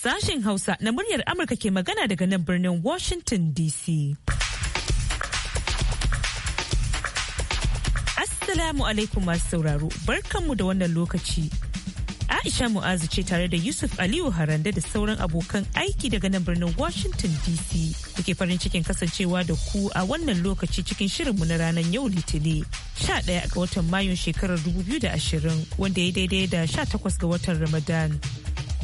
Sashen Hausa na muryar Amurka ke magana daga nan birnin Washington DC. Assalamu alaikum masu sauraro, barkanmu da wannan lokaci. Aisha Mu'azu ce tare da Yusuf Aliyu Harande da sauran abokan aiki daga nan birnin Washington DC. Kuke farin cikin kasancewa da ku a wannan lokaci cikin shirinmu na ranar yau Litinin 11 ga watan Mayun shekarar 2020 wanda ya daidai da 18 ga watan Ramadan.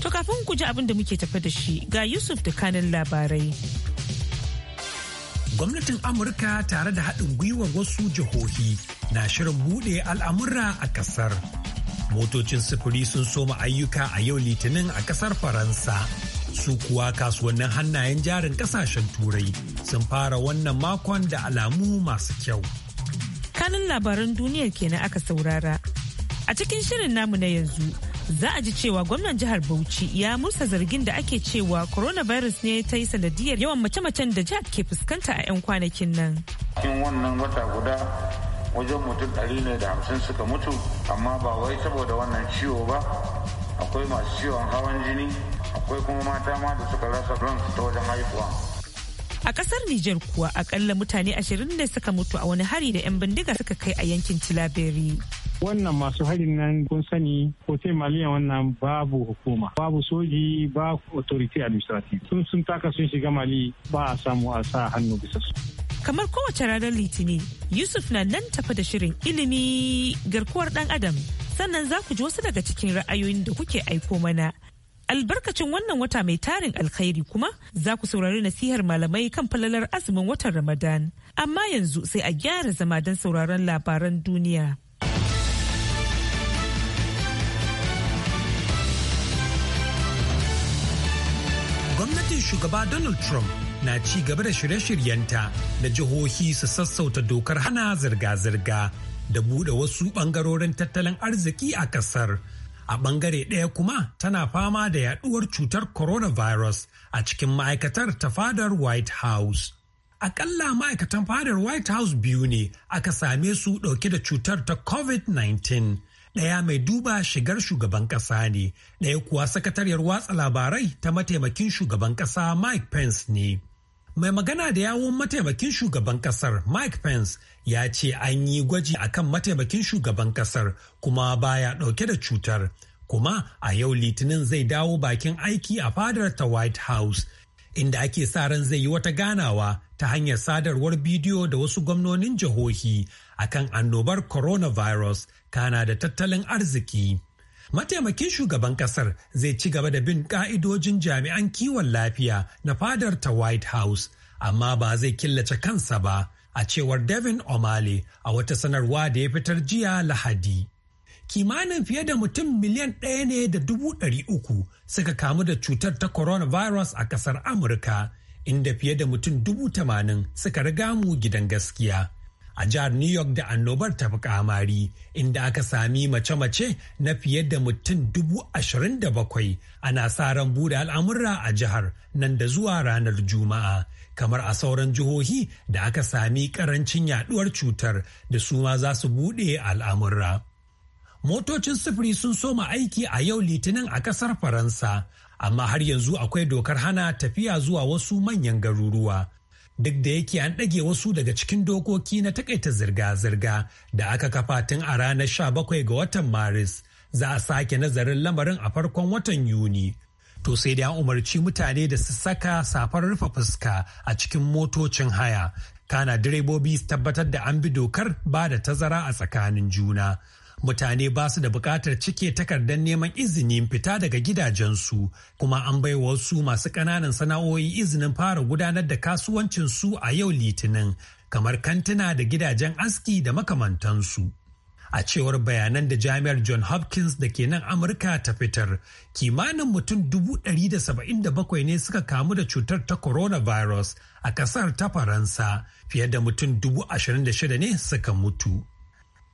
To kafin ku ji abin da muke tafe da shi ga Yusuf da kanin labarai. Gwamnatin Amurka tare da haɗin gwiwar wasu jihohi na shirin buɗe al'amura a ƙasar. Motocin sufuri sun soma ayyuka a yau litinin a ƙasar Faransa. Su kuwa kasuwannin hannayen jarin ƙasashen Turai sun fara wannan makon da alamu masu kyau. Kanin labaran duniyar kenan aka saurara. A cikin shirin namu na yanzu za a ji cewa gwamnan jihar Bauchi ya musa zargin da ake cewa coronavirus ne ta yi sanadiyar yawan mace-macen da jihar ke fuskanta a 'yan kwanakin nan. Cikin wannan wata guda wajen mutum ɗari ne da hamsin suka mutu amma ba wai saboda wannan ciwo ba akwai masu ciwon hawan jini akwai kuma mata ma da suka rasa su ta wajen haihuwa. A kasar Nijar kuwa akalla mutane ashirin ne suka mutu a wani hari da 'yan bindiga suka kai a yankin Tilaberi. wannan masu harin nan kun sani ko sai maliyan wannan babu hukuma babu soji ba authority administrative sun sun taka sun shiga mali ba a samu a sa hannu bisa su kamar kowace ranar litinin yusuf na nan tafi da shirin ilimi garkuwar dan adam sannan za ku ji wasu daga cikin ra'ayoyin da kuke aiko mana albarkacin wannan wata mai tarin alkhairi kuma za ku saurari nasihar malamai kan falalar azumin watan ramadan amma yanzu sai a gyara zama don sauraron labaran duniya shugaba Donald Trump na ci gaba da shirye-shiryenta da jihohi su sassauta dokar hana zirga-zirga da buɗe wasu ɓangarorin tattalin arziki a ƙasar. A ɓangare ɗaya kuma tana fama da yaɗuwar cutar coronavirus a cikin ma'aikatar ta fadar White House. Akalla ma'aikatan fadar White House biyu ne aka same su ɗauke da cutar ta COVID-19. ɗaya mai duba shigar shugaban ƙasa ne ɗaya kuwa sakatariyar watsa labarai ta mataimakin shugaban ƙasa mike pence ne mai magana da yawon mataimakin shugaban ƙasar mike pence ya ce an yi gwaji akan mataimakin shugaban ƙasar kuma baya ɗauke da cutar kuma a yau litinin zai dawo bakin aiki a fadar ta white house inda ake sa ran zai yi wata ganawa ta hanyar sadarwar bidiyo da wasu gwamnonin jihohi akan annobar coronavirus kana da tattalin arziki. Mataimakin shugaban kasar zai ci gaba da bin ka'idojin jami'an kiwon lafiya na fadar ta White House, amma ba zai killace kansa ba, a cewar Devin O'Malley a wata sanarwa da ya fitar jiya Lahadi. kimanin fiye da mutum miliyan ɗaya ne da dubu ɗari uku suka kamu da cutar ta coronavirus a ƙasar amurka inda fiye da mutum dubu tamanin suka riga mu gidan gaskiya a jihar new york da annobar ta fi kamari inda aka sami mace-mace na fiye da mutum dubu ashirin da bakwai ana sa ran bude al'amura a jihar nan da zuwa ranar juma'a kamar a sauran jihohi da aka sami karancin yaduwar cutar da su ma za su bude al'amurra. motocin sufuri sun soma aiki a yau litinin a kasar faransa amma har yanzu akwai dokar hana tafiya zuwa wasu manyan garuruwa duk da yake an ɗage wasu daga cikin dokoki na takaita zirga-zirga da aka kafa tun a ranar 17 ga watan maris za a sake nazarin lamarin a farkon watan yuni to sai da an umarci mutane da su saka safar rufe fuska a cikin motocin haya kana direbobi su tabbatar da an bi dokar ba da tazara a tsakanin juna mutane ba su da buƙatar cike takardar neman izinin fita daga gidajensu kuma an bai wasu masu ƙananan sana'o'i izinin fara gudanar da kasuwancinsu a yau litinin kamar kantina da gidajen aski da makamantansu. A cewar bayanan da jami'ar John Hopkins da ke nan Amurka ta fitar, kimanin mutum 177 ne suka kamu da cutar ta coronavirus a kasar ta Faransa, fiye da mutum dubu 26 ne suka mutu.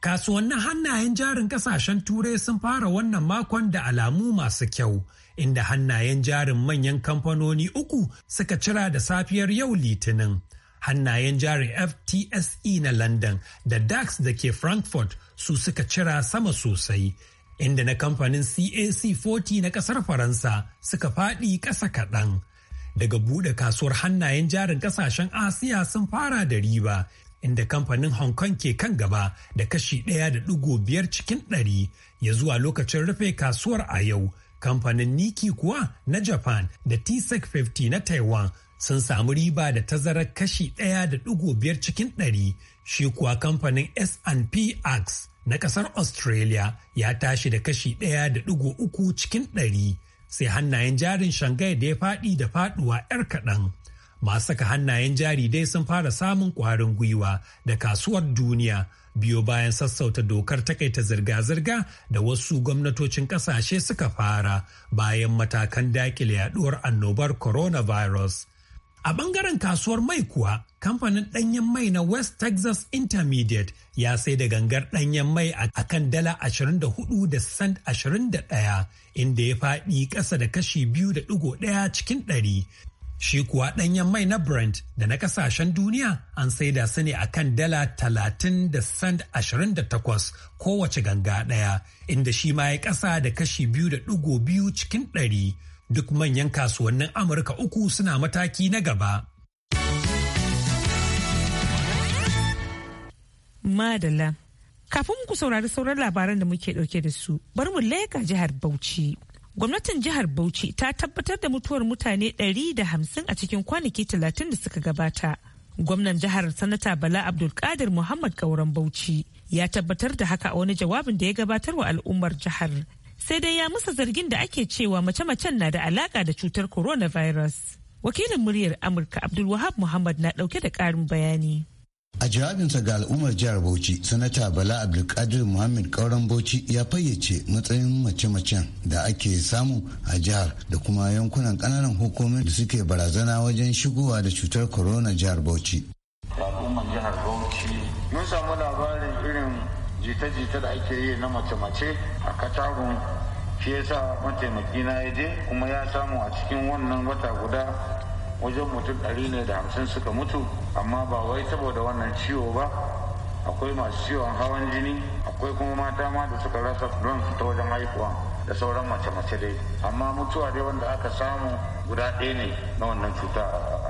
Kasuwannin hannayen jarin kasashen Turai sun fara wannan makon da alamu masu kyau, inda hannayen jarin manyan kamfanoni uku suka cira da safiyar yau Litinin. Hannayen jarin FTSE na London da DAX da ke Frankfurt su suka cira sama sosai, inda na kamfanin CAC 40 na kasar Faransa suka faɗi ƙasa kaɗan. Daga buɗe kasuwar hannayen jarin kasashen Asiya sun fara da riba. inda kamfanin Hong Kong ke kan gaba da kashi ɗaya da ɗigo biyar cikin ɗari ya zuwa lokacin rufe kasuwar a yau. Kamfanin Niki kuwa na Japan da t 50 na Taiwan sun samu riba da tazarar kashi ɗaya da ɗigo biyar cikin ɗari. Shi kuwa kamfanin S&P Ax na ƙasar Australia ya tashi da kashi ɗaya da ɗigo uku cikin ɗari. Sai hannayen jarin shangai da ya faɗi da faɗuwa 'yar kaɗan. Masu saka hannayen jari dai sun fara samun ƙwarin gwiwa da kasuwar duniya biyo bayan sassauta dokar takaita zirga-zirga da wasu gwamnatocin ƙasashe suka fara bayan matakan dakile yaduwar annobar coronavirus. A ɓangaren kasuwar mai kuwa, kamfanin ɗanyen mai na West Texas Intermediate ya sai da gangar ɗanyen mai a kan dala 24 da cent 21 inda ya faɗi ƙasa da kashi 2.1 cikin ɗari Shi kuwa ɗanyen mai na Brent da na ƙasashen duniya an saida su ne a kan dala talatin da cent ashirin da takwas kowace ganga ɗaya, inda shi ma ya ƙasa da kashi biyu da ɗigo biyu cikin ɗari. Duk manyan kasuwannin Amurka uku suna mataki na gaba. Madala, kafin ku saurari sauran labaran da muke ɗauke da su, bari mu leƙa jihar Bauchi. Gwamnatin jihar Bauchi ta tabbatar da mutuwar mutane 150 a cikin kwanaki 30 da suka gabata. Gwamnan jihar Sanata Bala Abdulkadir Muhammad Gauran Bauchi ya tabbatar da haka a wani jawabin da ya gabatar wa al'ummar jihar. Sai dai ya musa zargin da ake cewa mace-macen na da alaka da cutar coronavirus. Wakilin muryar Amurka Abdulwahab Muhammad na ɗauke da ƙarin bayani. A jawabinsa ga al'ummar jihar Bauchi, Sanata Bala Abdulkadir Muhammad Kauran Bauchi ya fayyace matsayin mace-macen da ake samu a jihar da kuma yankunan kananan hukumomin da suke barazana wajen shigowa da cutar corona jihar Bauchi. Al'ummar jihar Bauchi mun samu labarin irin jita-jita da ake yi na mace-mace a Katarun shi yasa mataimakina ya je kuma ya samu a cikin wannan wata guda wajen mutum ɗari ne da hamsin suka mutu amma ba wai saboda wannan ciwo ba akwai masu ciwon hawan jini akwai kuma mata ma da suka rasa su ta wajen haihuwa da sauran mace-mace dai amma mutuwa dai wanda aka samu guda ɗaya ne na wannan cuta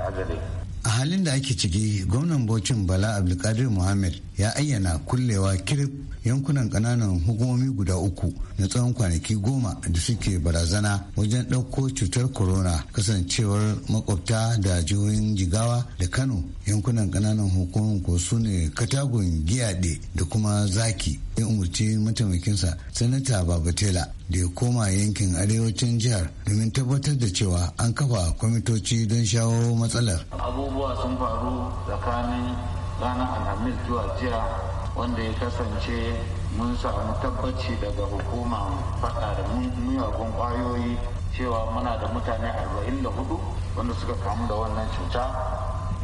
a gare a halin da ake ciki gwamnan bocin bala abdulkadir muhammad ya ayyana kullewa kirif yankunan kananan hukumomi guda uku na tsawon kwanaki goma da suke barazana wajen ɗauko cutar corona kasancewar makwabta da jihohin jigawa da kano yankunan kananan hukumomin ko su ne katagun giyaɗe da kuma zaki ya umarci mataimakinsa sanata babatela da ya koma yankin arewacin jihar domin tabbatar da cewa an kafa kwamitoci don shawo matsalar abubuwa sun faru tsakanin ranar alhamis zuwa jiya wanda ya kasance mun samu tabbaci daga hukuma faɗa da miyagun kwayoyi cewa muna da mutane 44 wanda suka kamu da wannan cuta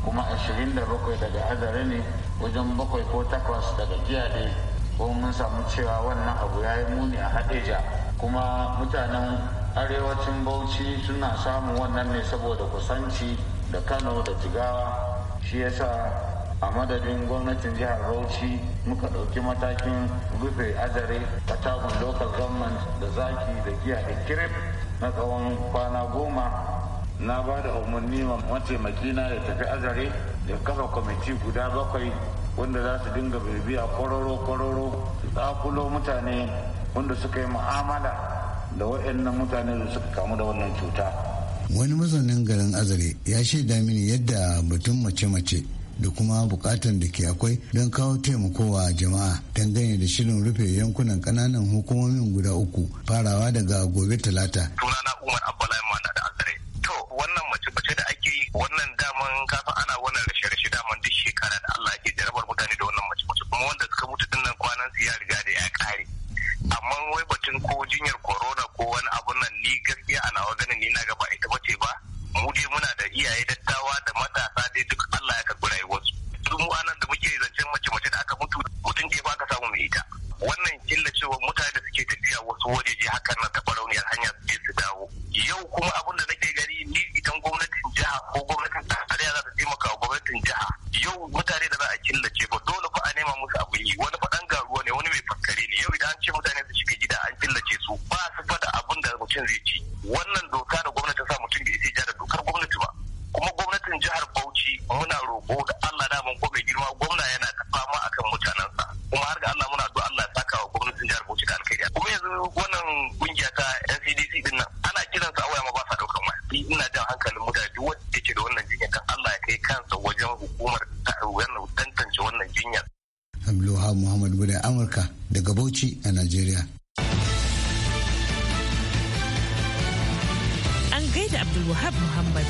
kuma 27 daga azare ne wajen bakwai ko takwas daga jiya dai ko mun samu cewa wannan abu ya yi muni a hadeja kuma mutanen arewacin bauchi suna samun wannan ne saboda kusanci da kano da jigawa shi yasa a madadin gwamnatin jihar bauchi muka ɗauki matakin rufe azare a katagun local government da zaki da giya da kirif na tsawon kwana goma na ba da umarni wa mataimakina ya tafi azare da kafa kwamiti guda bakwai wanda za su dinga bibiya kwararo-kwararo su tsakulo mutane wanda suka yi mu'amala da waɗannan mutane da suka kamu da wannan cuta. wani mazaunin garin azare ya shaida mini yadda batun mace-mace da kuma bukatan da ke akwai don kawo taimako wa jama'a dangane da shirin rufe yankunan kananan hukumomin guda uku farawa daga gobe talata. na Umar Abdullahi Mana da Azare. To wannan mace-mace da ake yi wannan daman kafa ina jan hankalin mutane duk wanda yake da wannan jinya kan Allah ya kai kansa wajen hukumar tantance wannan jinyar. Abdulwahab Muhammad Bude Amurka daga Bauchi a Najeriya. An gaida Abdulwahab Muhammad.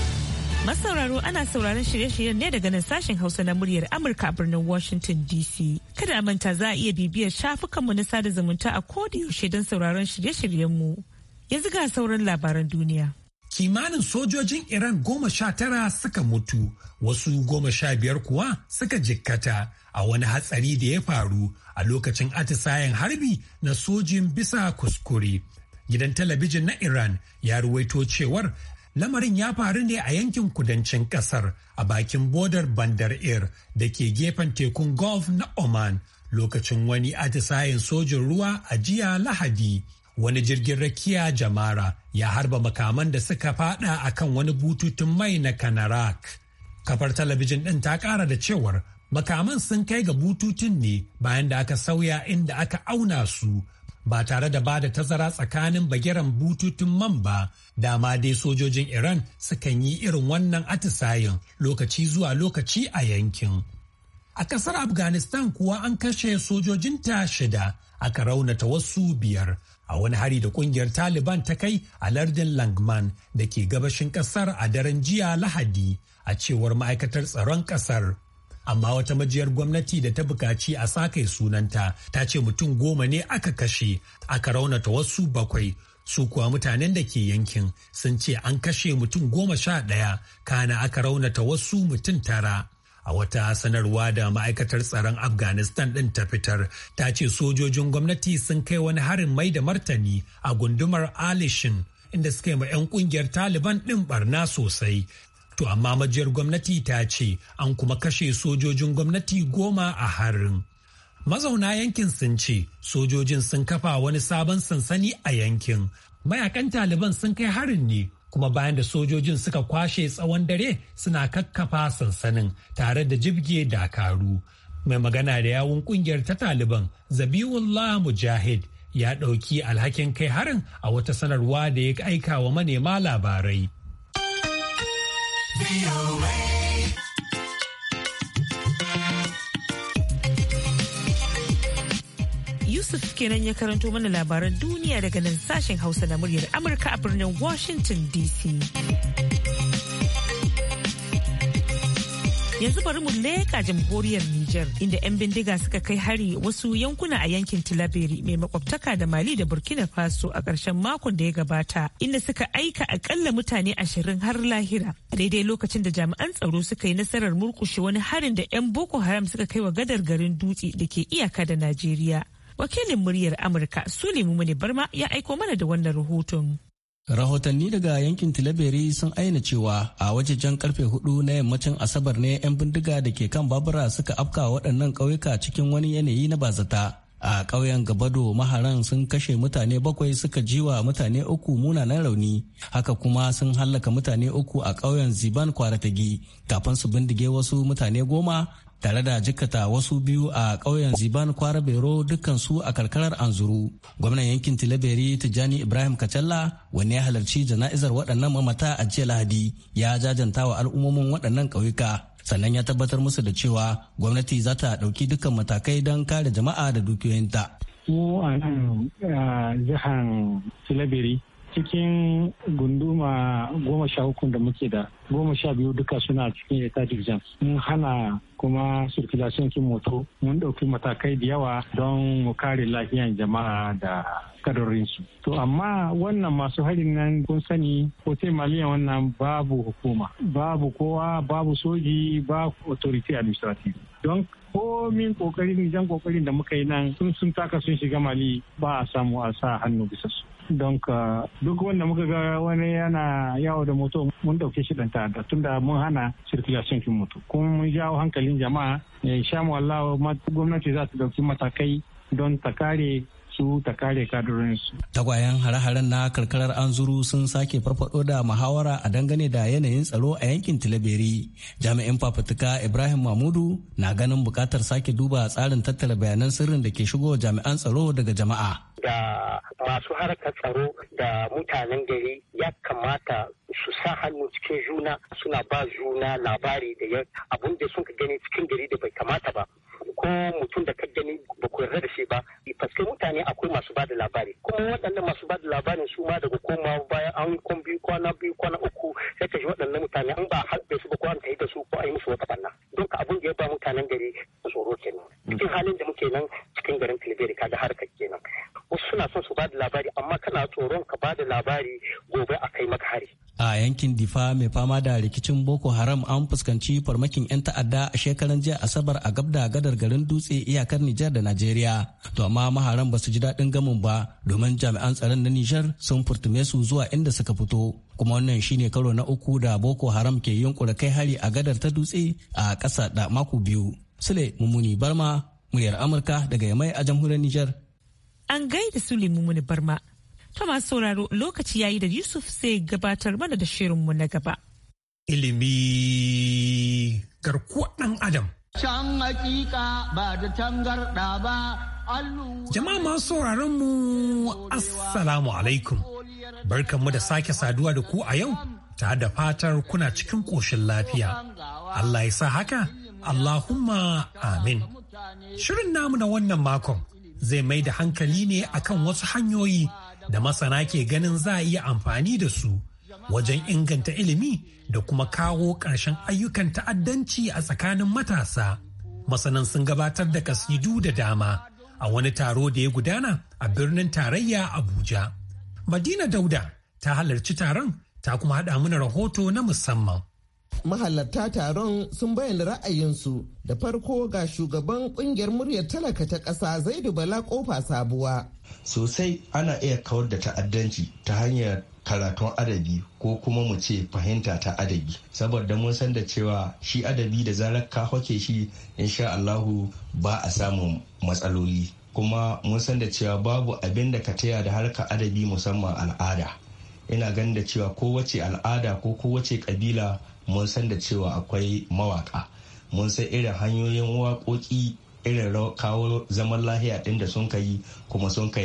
Masauraro ana sauraron shirye-shiryen ne daga nan sashen Hausa na muryar Amurka a birnin Washington DC. Kada a manta za a iya bibiyar shafukanmu na sada zumunta a koda yaushe don sauraron shirye-shiryenmu. Yanzu ga sauran labaran duniya. kimanin sojojin Iran goma sha tara suka mutu, wasu goma sha biyar kuwa suka jikkata a wani hatsari da ya faru a lokacin atisayen harbi na sojin bisa kuskure. Gidan talabijin na Iran ya ruwaito cewar lamarin ya faru ne a yankin kudancin kasar a bakin bodar bandar air da ke gefen tekun gulf na Oman lokacin wani atisayen sojin ruwa a jiya Lahadi. wani jirgin rakiya jamara ya harba makaman da suka fada a kan wani bututun mai na kanarak kafar talabijin ɗin ta ƙara da cewar makaman sun kai ga bututun ne bayan da aka sauya inda aka auna su ba tare da ba da tazara tsakanin bagiran bututun man ba dama dai sojojin iran sukan yi irin wannan atisayin lokaci zuwa lokaci a yankin a kasar afghanistan kuwa an kashe sojojin ta shida aka raunata wasu biyar a wani hari da kungiyar Taliban ta kai a lardin Langman da ke gabashin kasar a daren jiya Lahadi a cewar ma'aikatar tsaron kasar. Amma wata majiyar gwamnati da ta bukaci a sakai sunanta ta ce mutum goma ne aka kashe aka raunata wasu bakwai su kuwa mutanen da ke yankin sun ce an kashe mutum goma sha ɗaya kana aka raunata wasu mutum tara. A wata sanarwa da ma'aikatar tsaron Afghanistan ɗin ta fitar ta ce sojojin gwamnati sun kai wani harin mai da martani a gundumar Alishin inda suka yi ma 'yan kungiyar Taliban ɗin barna sosai. To amma majiyar gwamnati ta ce an kuma kashe sojojin gwamnati goma a harin. Mazauna yankin sun ce sojojin sun kafa wani sabon sansani a yankin. Mayakan Taliban sun kai harin ne kuma bayan da sojojin suka kwashe tsawon dare suna kakkafa sansanin tare da jibge dakaru mai magana da yawun kungiyar ta taliban zabiullah mujahid ya ɗauki alhakin kai harin a wata sanarwa da ya aika wa manema labarai. Yusuf kenan ya karanto mana labaran duniya daga nan sashen Hausa na muryar Amurka a birnin Washington DC. Yanzu bari mu leƙa jamhuriyar Nijar inda 'yan bindiga suka kai hari wasu yankuna a yankin Tilaberi mai makwabtaka da Mali da Burkina Faso a ƙarshen makon da ya gabata inda suka aika akalla mutane ashirin har lahira. Daidai lokacin da jami'an tsaro suka yi nasarar murkushe wani harin da 'yan Boko Haram suka kai wa gadar garin Dutse da ke iyaka da Najeriya. wakilin muryar amurka sulemu mune barma ya aiko mana da wannan rahoton rahotanni daga yankin tilaberi sun aina cewa a wajejen karfe hudu na yammacin asabar ne 'yan bindiga da ke kan babura suka afka waɗannan ƙauyuka cikin wani yanayi na bazata a ƙauyen gabado maharan sun kashe mutane bakwai suka jiwa mutane uku munanan rauni haka kuma sun hallaka mutane uku a ƙauyen ziban kwaratagi kafin su bindige wasu mutane goma tare da jikata wasu biyu a ƙauyen ziban kwara bero dukkansu a karkarar anzuru gwamnan yankin tilaberi tijjani ibrahim kacalla wani ya halarci jana'izar waɗannan mamata a jiya lahadi ya jajanta wa al'ummomin waɗannan ƙauyuka sannan ya tabbatar musu da cewa gwamnati za ta ɗauki dukkan matakai don kare jama'a da dukiyoyinta. mu a nan jihar tilaberi cikin gunduma goma sha hukun da muke da goma sha biyu duka suna cikin etatic jam mun hana kuma circulation kin moto mun ɗauki matakai da yawa don mu kare lafiyan jama'a da kadarinsu to amma wannan masu harin nan kun sani ko sai maliyan wannan babu hukuma babu kowa babu soji babu authority administrative don komin kokarin jan kokarin da muka yi nan sun sun taka sun shiga mali ba a samu a sa hannu bisa su don duk wanda muka ga wani yana yawo da moto mun dauke shi dan ta'adda tunda mun hana circulation kin moto kuma mun jawo hankalin jama'a eh, sha mu Allah gwamnati za ta dauki matakai don ta kare su ta kare kadurinsu. Tagwayen hare-haren na karkarar anzuru sun sake farfado da muhawara a dangane da yanayin tsaro a yankin Tilaberi. Jami'in fafutuka Ibrahim Mahmudu na ganin bukatar sake duba tsarin tattara bayanan sirrin da ke shigo jami'an tsaro daga jama'a. da masu harkar tsaro da mutanen gari ya kamata su sa hannu cikin juna suna ba juna labari da abun da sun gani cikin gari da bai kamata ba ko mutum da ka gani ba ku yarda da shi ba paske mutane akwai masu ba da labari kuma waɗannan masu ba da labarin su ma daga komawa bayan an kwan biyu kwana biyu kwana uku ya ka waɗannan mutane an ba halbe su ba ko an tafi da su ko a yi musu wata banna don ka abin da ya ba mutanen gari tsoro kenan cikin halin da muke nan cikin garin ka kaga harka kenan wasu suna son su ba da labari amma kana tsoron ka ba da labari gobe a kai maka hari a yankin difa mai fama da rikicin boko haram an fuskanci farmakin 'yan ta'adda a shekaran jiya asabar a gabda gada fadar garin dutse iyakar Nijar da Najeriya. To amma maharan ba su ji daɗin gamin ba domin jami'an tsaron na Nijar sun furtume su zuwa inda suka fito. Kuma wannan shine karo na uku da Boko Haram ke yunkura kai hari a gadar ta dutse a ƙasa da mako biyu. Sule Mumuni Barma, muryar Amurka daga Yamai a jamhuriyar Nijar. An gaida Sule Mumuni Barma. Ta masu sauraro lokaci yayi da Yusuf sai gabatar mana da shirinmu na gaba. Ilimi garkuwa ɗan Adam. Can hakika ba da tangarda ba Jama'a masu sauraron mu Assalamu alaikum. Barkanmu da sake saduwa da ku a yau ta da fatar kuna cikin ƙoshin lafiya. Allah ya sa haka, Allahumma amin. Shirin namu na wannan makon zai mai da hankali ne akan wasu hanyoyi da masana ke ganin za a iya amfani da su wajen inganta ilimi da kuma kawo ƙarshen ayyukan ta'addanci a tsakanin matasa. Masanan sun gabatar da kasidu da dama a wani taro da ya gudana a birnin tarayya Abuja. Madina Dauda ta halarci taron ta kuma haɗa mana rahoto na musamman. Mahalarta taron sun bayyana ra'ayinsu da farko ga shugaban kungiyar muryar talaka ta ƙasa Zaidu Bala Kofa Sabuwa. Sosai ana iya kawar da ta'addanci ta hanyar karatun adabi ko kuma mu ce fahimta ta adabi saboda mun san da cewa shi adabi da zarar ka hoke shi insha Allahu ba a samun matsaloli kuma mun san da cewa babu abin da ka taya da harka adabi musamman al'ada ina ganin da cewa kowace al'ada ko kowace kabila mun san da cewa akwai mawaka mun san irin hanyoyin waƙoƙi irin kawo zaman lahiya ɗin da sun ka yi kuma sun ka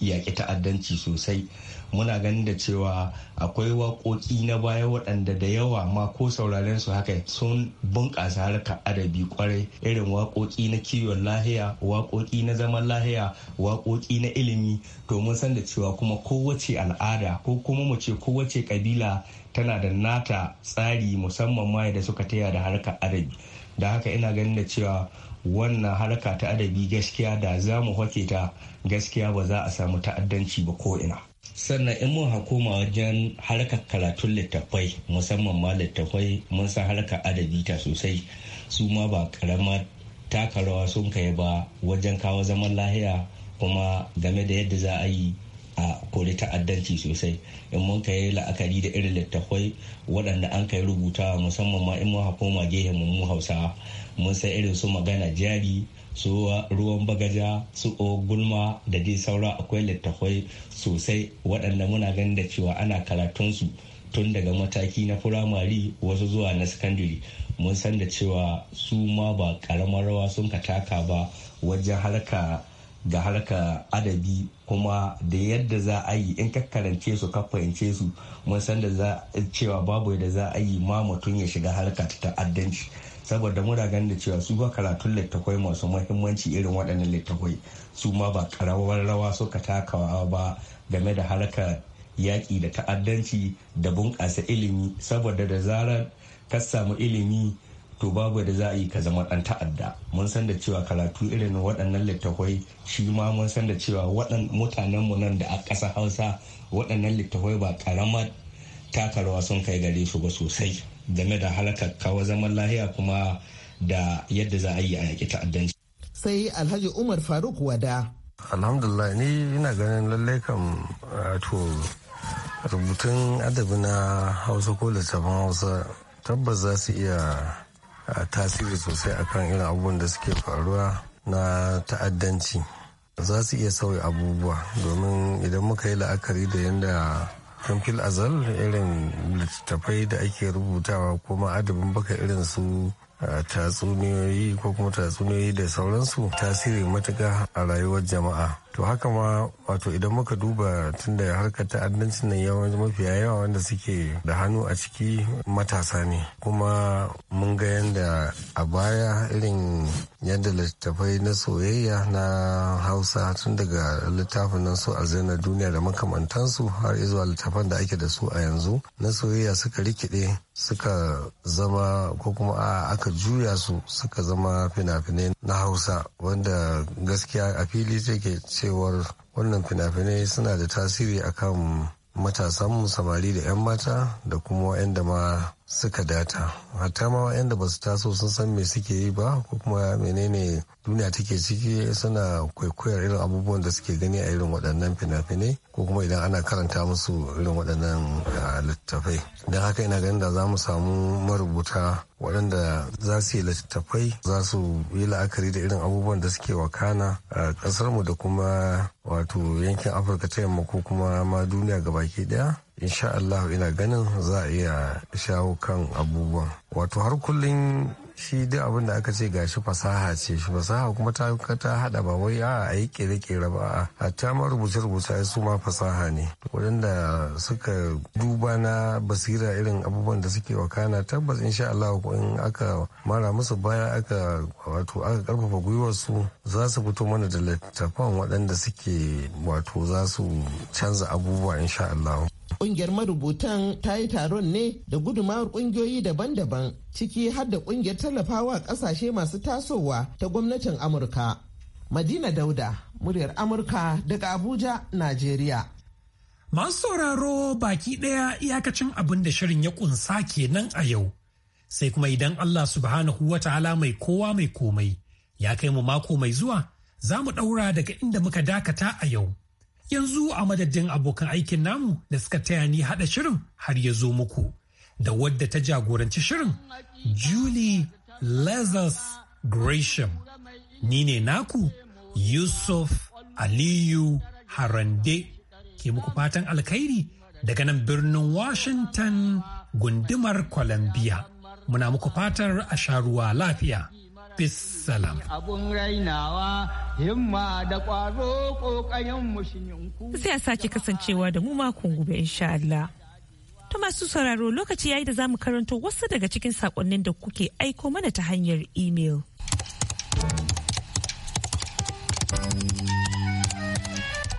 yaƙi ta'addanci sosai muna ganin da cewa akwai waƙoƙi na baya waɗanda da yawa ma ko sauraren su haka sun bunƙasa harka adabi kwarai irin waƙoƙi na kiwon lahiya waƙoƙi na zaman lahiya waƙoƙi na ilimi domin san da cewa kuma kowace al'ada ko kuma mu ce kowace ƙabila tana da nata tsari musamman ma da suka taya da harka adabi da haka ina ganin da cewa wannan harka ta adabi gaskiya da za mu hake ta gaskiya ba za a samu ta'addanci ba ko ina sannan in mun hakoma wajen harkar karatun littattafai musamman ma littattafai mun san harkar adabi ta sosai su ma ba karama taka rawa sun kai ba wajen kawo zaman lahiya kuma game da yadda za a yi a kori ta'addanci sosai in mun kai la'akari da irin littafai waɗanda an kai rubutawa musamman ma in mun hakoma gehen mu hausawa mun san irin su magana jari su ruwan bagaja su gulma da dai saura akwai littafai sosai waɗanda muna ganin da cewa ana karatun su tun daga mataki na firamare wasu zuwa na sakandare mun san da cewa su ma ba karamar rawa sun ka taka ba wajen harka ga harka adabi kuma da yadda za a yi in ka karance su ka fahimce su mun san da cewa babu yadda za a yi ma mutum ya shiga harka ta ta'addanci saboda muna ganin da cewa su ba karatun littafai masu mahimmanci irin waɗannan littafai su ma ba karawar rawa suka takawa ba game da harkar yaƙi da ta'addanci da bunƙasa ilimi saboda da zarar ka samu ilimi to babu da za a yi ka zama ɗan ta'adda mun san da cewa karatu irin waɗannan littafai shi ma mun san da cewa waɗan mutanen mu nan da a ƙasa hausa waɗannan littafai ba ƙaramar taka sun kai gare su ba sosai game da halakar kawo zaman lahiya kuma da yadda za a yi a yaƙi ta'addanci. sai alhaji umar faruk wada alhamdulillah ni ina ganin lallai kam to rubutun adabi na hausa ko littafin hausa tabbas za su iya tasiri sosai akan irin abubuwan da suke faruwa na ta'addanci za su iya sauya abubuwa domin idan muka yi la'akari da yadda kamfil azal irin littattafai da ake rubutawa kuma adabin baka irin su tatsuniyoyi ko kuma tatsuniyoyi da sauransu tasiri matuka a rayuwar jama'a to haka ma wato idan muka duba tunda harkar ta'addancin nan yawan mafiya yawa wanda suke da hannu a ciki matasa ne kuma mun ga yadda a baya irin yadda littafai na soyayya na hausa tun daga littafin nan su a zaina duniya da makamantansu har zuwa littafan da ake da su a yanzu na soyayya suka rikide suka zama ko kuma a aka juya su suka zama fina-finai na hausa wanda gaskiya a fili take ce cewar wannan fina-finai suna da tasiri akan matasan samari da 'yan mata da kuma 'yan da ma suka data hatta ma wa'anda ba su taso sun san me suke yi ba ko kuma menene duniya take ciki suna kwaikwayar irin abubuwan da suke gani a irin waɗannan fina-finai ko kuma idan ana karanta musu irin waɗannan littattafai don haka ina ganin da za mu samu marubuta waɗanda za su yi littattafai za su yi la'akari da irin abubuwan da suke wakana a ƙasarmu da kuma wato yankin afirka ta yamma ko kuma ma duniya gabaki ɗaya insha Allah ina ganin za a iya shawo kan abubuwan wato har kullum shi duk abin da aka ce gashi fasaha ce shi fasaha kuma ta ta hada ba wai a yi kere-kere ba a ta ma rubuce-rubuce su ma fasaha ne waɗanda suka duba na basira irin abubuwan da suke wakana tabbas insha Allah in aka mara musu baya aka wato aka karfafa gwiwar su za su fito mana da littattafan waɗanda suke wato za su canza abubuwa insha Allah Ƙungiyar marubutan ta yi taron ne da gudumawar ƙungiyoyi daban-daban ciki har da ƙungiyar tallafawa ƙasashe masu tasowa ta gwamnatin Amurka. Madina Dauda, muryar Amurka daga Abuja, Najeriya. Masu sauraro baki ɗaya iyakacin abin da shirin ya kunsa kenan a yau. Sai kuma idan Allah subhanahu wa ta'ala mai kowa mai komai ya kai mu mako mai zuwa za mu ɗaura daga inda muka dakata a yau. Yanzu a madadin abokan aikin namu da suka taya ni haɗa shirin har ya zo muku da wadda ta jagoranci shirin Julie Lazarus Gresham. Ni ne naku Yusuf Aliyu Harande ke muku fatan alkhairi daga nan birnin Washington gundumar Columbia. Muna muku fatar a sharuwa lafiya. Bissalam. Abun rainawa himma da ƙwaro ƙoƙayen mushinku. Sai a sake kasancewa da mu makon gobe insha Allah. To masu sauraro lokaci yayi da zamu karanto wasu daga cikin sakonnin da kuke aiko mana ta hanyar email.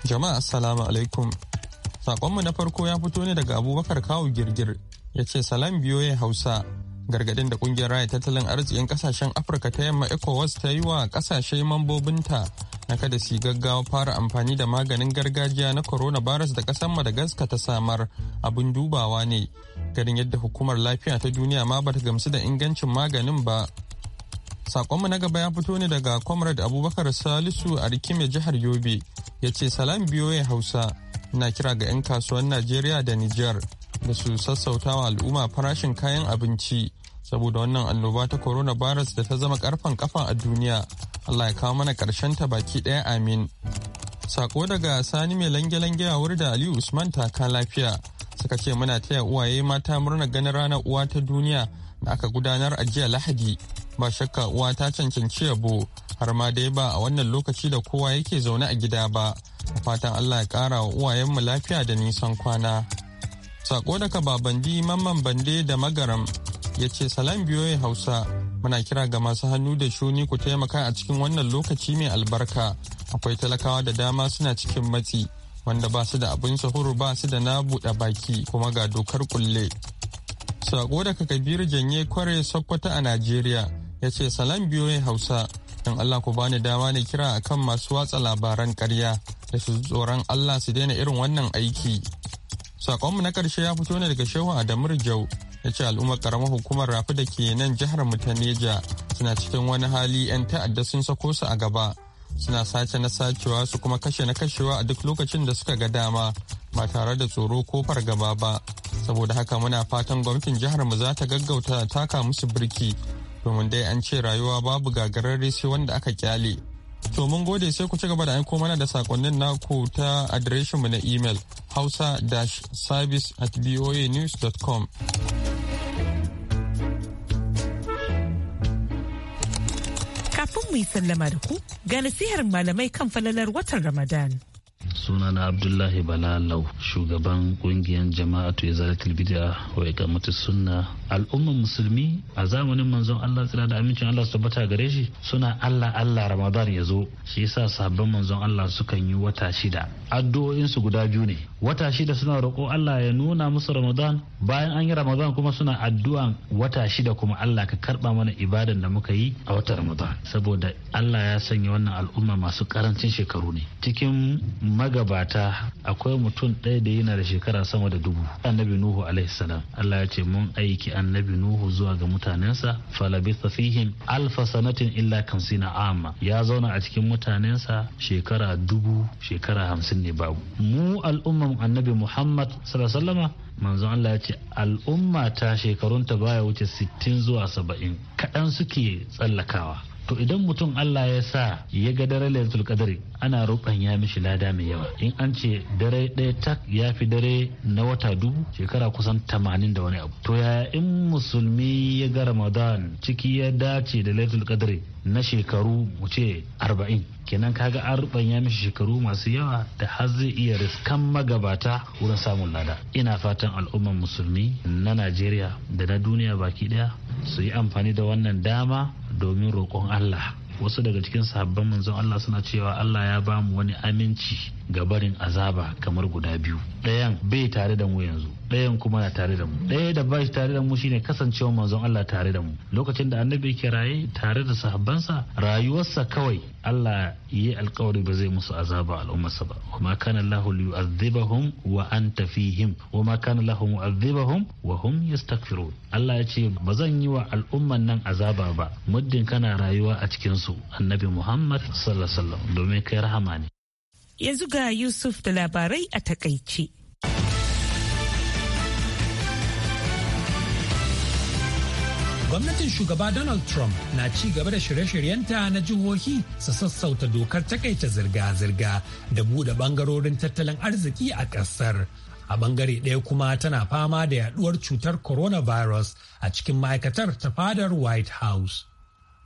Jama'a Assalamu alaikum. Sakonmu na farko ya fito ne daga Abubakar Kawu Girgir ya ce salam ya Hausa. gargadin da kungiyar raya tattalin arzikin kasashen afirka ta yamma ecowas ta yi wa kasashe mambobinta na kada su gaggawa fara amfani da maganin gargajiya na coronavirus da kasar madagascar ta samar abin dubawa ne garin yadda hukumar lafiya ta duniya ma bata gamsu da ingancin maganin ba sakonmu na gaba ya fito ne daga comrade abubakar salisu a rikime jihar yobe ya ce salam biyoye hausa na kira ga 'yan kasuwan najeriya da niger da su sassautawa al'umma farashin kayan abinci saboda wannan annoba ta corona coronavirus da ta zama karfan kafa a duniya allah ya kawo mana karshen ta baki daya amin sako daga sani mai lange-lange a wuri da aliyu usman ta taka lafiya suka ce muna taya uwaye mata murna ganin ranar uwa ta duniya da aka gudanar a jiya lahadi ba shakka uwa ta cancanci yabo har ma dai ba a wannan lokaci da kowa yake zaune a gida ba fatan allah ya kara wa uwayenmu lafiya da nisan kwana sako daga babandi mamman bande da magaram ya ce salam biyoyi hausa muna kira ga masu hannu da shuni ku taimaka a cikin wannan lokaci mai albarka akwai talakawa da dama suna cikin matsi wanda ba su da abin sahuru ba su da na buɗe baki kuma ga dokar kulle sako daga kabiru janye kware sokoto a najeriya ya ce salam biyoyi hausa don allah ku bani dama ne kira akan masu watsa labaran karya da su tsoron allah su daina irin wannan aiki sakonmu na karshe ya fito ne daga shehu adamu jau ya ce al'ummar karamar hukumar rafi da ke nan jihar mutaneja suna cikin wani hali 'yan ta'adda sun sako su a gaba suna sace na sacewa su kuma kashe na kashewa a duk lokacin da suka ga dama ba tare da tsoro ko fargaba ba saboda haka muna fatan gwamnatin jihar mu za ta gaggauta taka musu birki domin dai an ce rayuwa babu gagararre sai wanda aka kyale to mun gode sai ku ci gaba da aiko mana da sakonnin naku ta adireshinmu na imel hausa-service at com. mu sallama da ku ga nasihar malamai kan falalar watan Ramadan. sunana abdullahi balalau shugaban kungiyar jama'atu ya zara bid'a wa iqamatu sunna al'ummar musulmi a zamanin manzon Allah tsira da amincin Allah su tabbata gare shi suna Allah Allah Ramadan ya zo shi yasa sabbin manzon Allah sukan yi wata shida addu'o'insu guda biyu ne wata shida suna roƙo Allah ya nuna musu Ramadan bayan an yi Ramadan kuma suna addu'an wata shida kuma Allah ka karɓa mana ibadan da muka yi a wata Ramadan saboda Allah ya sanya wannan al'umma masu karancin shekaru ne cikin magabata akwai mutum ɗaya da yana da shekara sama da dubu annabi Nuhu alaihi salam Allah ya ce mun aiki annabi Nuhu zuwa ga mutanensa falabitha fihim alfa sanatin illa kamsina amma ya zauna a cikin mutanensa shekara dubu shekara hamsin ne babu mu al'umma sunan annabi muhammad sallama manzon allah ya ce al'umma ta shekarunta baya wuce 60 zuwa 70 kaɗan suke tsallakawa to idan mutum Allah ya sa ya ga dare lailatul qadari ana ya mishi lada mai yawa in an ce dare ɗaya tak ya fi dare na wata dubu shekara kusan tamanin da wani abu to ya in musulmi ya ga ramadan ciki ya dace da lailatul qadari na shekaru mu ce arba'in kenan kaga an ya mishi shekaru masu yawa da har zai iya riskan magabata wurin samun lada ina fatan al'ummar musulmi na najeriya da na duniya baki ɗaya su yi amfani da wannan dama domin roƙon Allah wasu daga cikin sahabban manzon Allah suna cewa Allah ya ba mu wani aminci ga barin azaba kamar guda biyu ɗayan bai tare da mu yanzu ɗayan kuma na tare da mu ɗaya da bashi tare da mu shine kasancewa manzon Allah tare da mu lokacin da annabi ke raye tare da sahabbansa rayuwarsa kawai Allah yi alkawari ba zai musu azaba al'ummarsa ba wa ma kana Allahu yu'adhibahum wa anta fihim wa ma kana Allahu mu'adhibahum wa hum yastaghfirun Allah ya ce ba zan yi wa al'umman nan azaba ba muddin kana rayuwa a cikin su su annabi Muhammad sallallahu domin kai rahama ne. Yanzu ga Yusuf da labarai a takaice. Gwamnatin shugaba Donald Trump na ci gaba da shirye-shiryenta na jihohi su sassauta dokar takaita zirga-zirga da buɗe ɓangarorin tattalin arziki a ƙasar. a ɓangare ɗaya kuma tana fama da yaɗuwar cutar coronavirus a cikin ma'aikatar ta fadar white house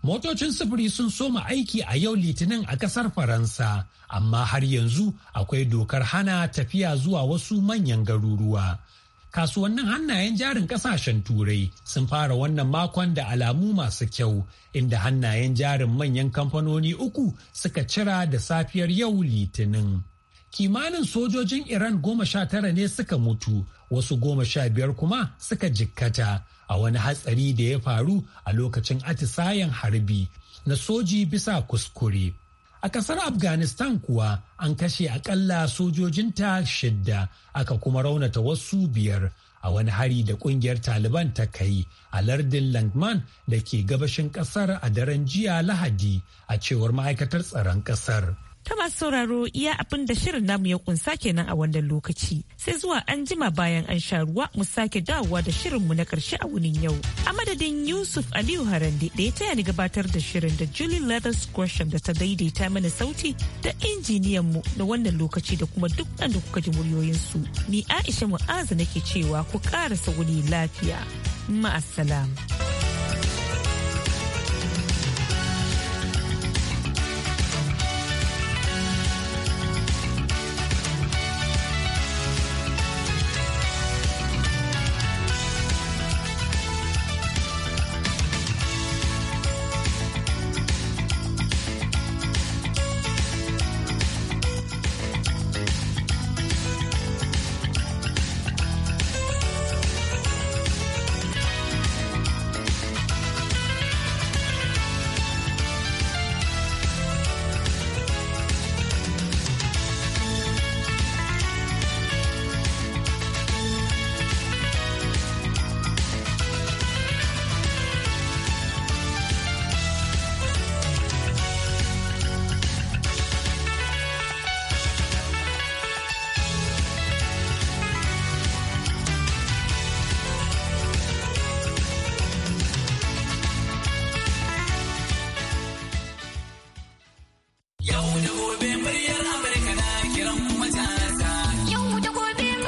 Motocin sufuri sun soma aiki a yau litinin a kasar Faransa, amma har yanzu akwai dokar hana tafiya zuwa wasu manyan garuruwa. Kasuwannin hannayen jarin kasashen turai sun fara wannan makon da alamu masu kyau, inda hannayen jarin manyan kamfanoni uku suka cira da safiyar yau litinin. Kimanin sojojin Iran goma sha tara ne suka mutu, wasu goma sha biyar kuma suka jikkata. a wani hatsari da ya faru a lokacin atisayen harbi na soji bisa kuskure. A kasar Afghanistan kuwa an kashe akalla sojojinta shidda aka kuma raunata wasu biyar a wani hari da kungiyar Taliban ta kai a lardin Langman da ke gabashin kasar a daren jiya Lahadi a cewar ma'aikatar tsaron kasar. Ta masu sauraro iya abin da shirin namu ya kunsa kenan a wannan lokaci. Sai zuwa an jima bayan an sha ruwa mu sake dawowa da shirinmu na karshe a wunin yau. A madadin Yusuf Aliyu Harande da ya taya ni gabatar da shirin da Julie leather Gresham da ta daidaita mana sauti da injiniyan mu na wannan lokaci da kuma duk da kuka ji muryoyinsu. Ni Aisha mu'aza nake cewa ku karasa wuni lafiya. Ma'assalam.